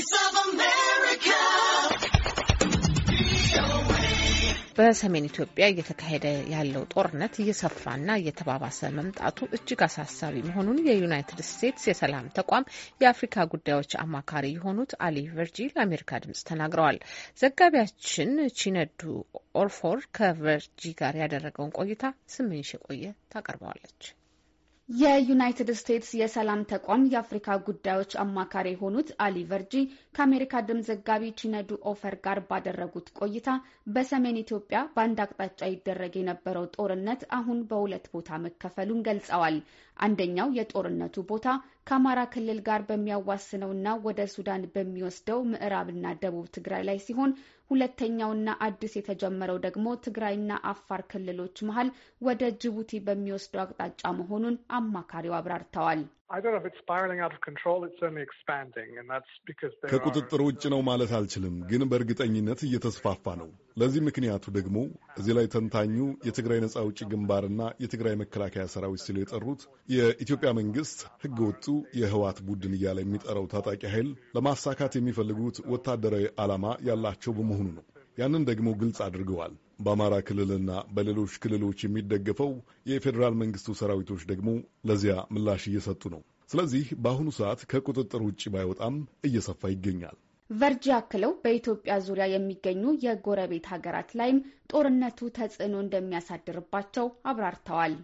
Voice of America. በሰሜን ኢትዮጵያ እየተካሄደ ያለው ጦርነት እየሰፋና እየተባባሰ መምጣቱ እጅግ አሳሳቢ መሆኑን የዩናይትድ ስቴትስ የሰላም ተቋም የአፍሪካ ጉዳዮች አማካሪ የሆኑት አሊ ቨርጂ ለአሜሪካ ድምጽ ተናግረዋል። ዘጋቢያችን ቺነዱ ኦርፎር ከቨርጂ ጋር ያደረገውን ቆይታ ስምንሽ የቆየ ታቀርበዋለች። የዩናይትድ ስቴትስ የሰላም ተቋም የአፍሪካ ጉዳዮች አማካሪ የሆኑት አሊ ቨርጂ ከአሜሪካ ድምፅ ዘጋቢ ቺነዱ ኦፈር ጋር ባደረጉት ቆይታ በሰሜን ኢትዮጵያ በአንድ አቅጣጫ ይደረግ የነበረው ጦርነት አሁን በሁለት ቦታ መከፈሉን ገልጸዋል። አንደኛው የጦርነቱ ቦታ ከአማራ ክልል ጋር በሚያዋስነውና ወደ ሱዳን በሚወስደው ምዕራብና ደቡብ ትግራይ ላይ ሲሆን ሁለተኛውና አዲስ የተጀመረው ደግሞ ትግራይና አፋር ክልሎች መሀል ወደ ጅቡቲ በሚወስደው አቅጣጫ መሆኑን አማካሪው አብራርተዋል። ከቁጥጥር ውጭ ነው ማለት አልችልም፣ ግን በእርግጠኝነት እየተስፋፋ ነው። ለዚህ ምክንያቱ ደግሞ እዚህ ላይ ተንታኙ የትግራይ ነጻ አውጪ ግንባርና የትግራይ መከላከያ ሰራዊት ሲሉ የጠሩት የኢትዮጵያ መንግስት ህገወጡ የህዋት ቡድን እያለ የሚጠራው ታጣቂ ኃይል ለማሳካት የሚፈልጉት ወታደራዊ ዓላማ ያላቸው በመሆኑ ነው። ያንን ደግሞ ግልጽ አድርገዋል። በአማራ ክልልና በሌሎች ክልሎች የሚደገፈው የፌዴራል መንግስቱ ሰራዊቶች ደግሞ ለዚያ ምላሽ እየሰጡ ነው። ስለዚህ በአሁኑ ሰዓት ከቁጥጥር ውጭ ባይወጣም እየሰፋ ይገኛል። ቨርጂ አክለው በኢትዮጵያ ዙሪያ የሚገኙ የጎረቤት ሀገራት ላይም ጦርነቱ ተጽዕኖ እንደሚያሳድርባቸው አብራርተዋል።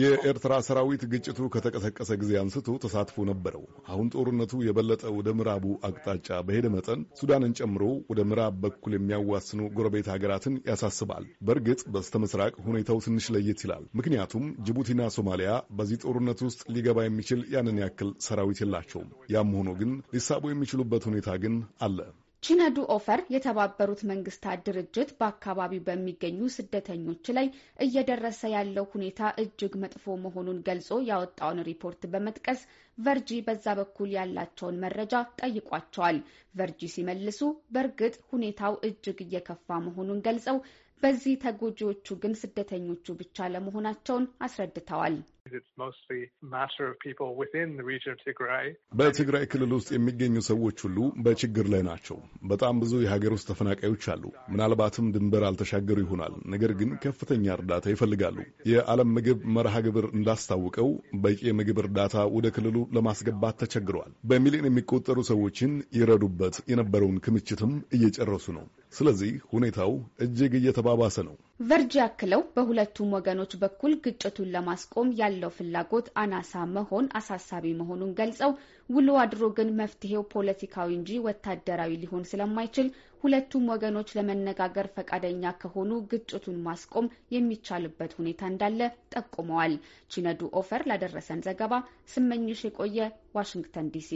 የኤርትራ ሰራዊት ግጭቱ ከተቀሰቀሰ ጊዜ አንስቶ ተሳትፎ ነበረው። አሁን ጦርነቱ የበለጠ ወደ ምዕራቡ አቅጣጫ በሄደ መጠን ሱዳንን ጨምሮ ወደ ምዕራብ በኩል የሚያዋስኑ ጎረቤት ሀገራትን ያሳስባል። በእርግጥ በስተምስራቅ ሁኔታው ትንሽ ለየት ይላል። ምክንያቱም ጅቡቲና ሶማሊያ በዚህ ጦርነት ውስጥ ሊገባ የሚችል ያንን ያክል ሰራዊት የላቸውም። ያም ሆኖ ግን ሊሳቡ የሚችሉበት ሁኔታ ግን አለ። ቺነዱ ኦፈር የተባበሩት መንግስታት ድርጅት በአካባቢው በሚገኙ ስደተኞች ላይ እየደረሰ ያለው ሁኔታ እጅግ መጥፎ መሆኑን ገልጾ ያወጣውን ሪፖርት በመጥቀስ ቨርጂ በዛ በኩል ያላቸውን መረጃ ጠይቋቸዋል። ቨርጂ ሲመልሱ በእርግጥ ሁኔታው እጅግ እየከፋ መሆኑን ገልጸው በዚህ ተጎጂዎቹ ግን ስደተኞቹ ብቻ ለመሆናቸውን አስረድተዋል። በትግራይ ክልል ውስጥ የሚገኙ ሰዎች ሁሉ በችግር ላይ ናቸው። በጣም ብዙ የሀገር ውስጥ ተፈናቃዮች አሉ። ምናልባትም ድንበር አልተሻገሩ ይሆናል። ነገር ግን ከፍተኛ እርዳታ ይፈልጋሉ። የዓለም ምግብ መርሃ ግብር እንዳስታውቀው በቂ የምግብ እርዳታ ወደ ክልሉ ለማስገባት ተቸግረዋል። በሚሊዮን የሚቆጠሩ ሰዎችን ይረዱበት የነበረውን ክምችትም እየጨረሱ ነው። ስለዚህ ሁኔታው እጅግ እየተባባሰ ነው። ቨርጅ ያክለው በሁለቱም ወገኖች በኩል ግጭቱን ለማስቆም ያለው ፍላጎት አናሳ መሆን አሳሳቢ መሆኑን ገልጸው ውሎ አድሮ ግን መፍትሄው ፖለቲካዊ እንጂ ወታደራዊ ሊሆን ስለማይችል ሁለቱም ወገኖች ለመነጋገር ፈቃደኛ ከሆኑ ግጭቱን ማስቆም የሚቻልበት ሁኔታ እንዳለ ጠቁመዋል። ቺነዱ ኦፈር ላደረሰን ዘገባ ስመኝሽ የቆየ ዋሽንግተን ዲሲ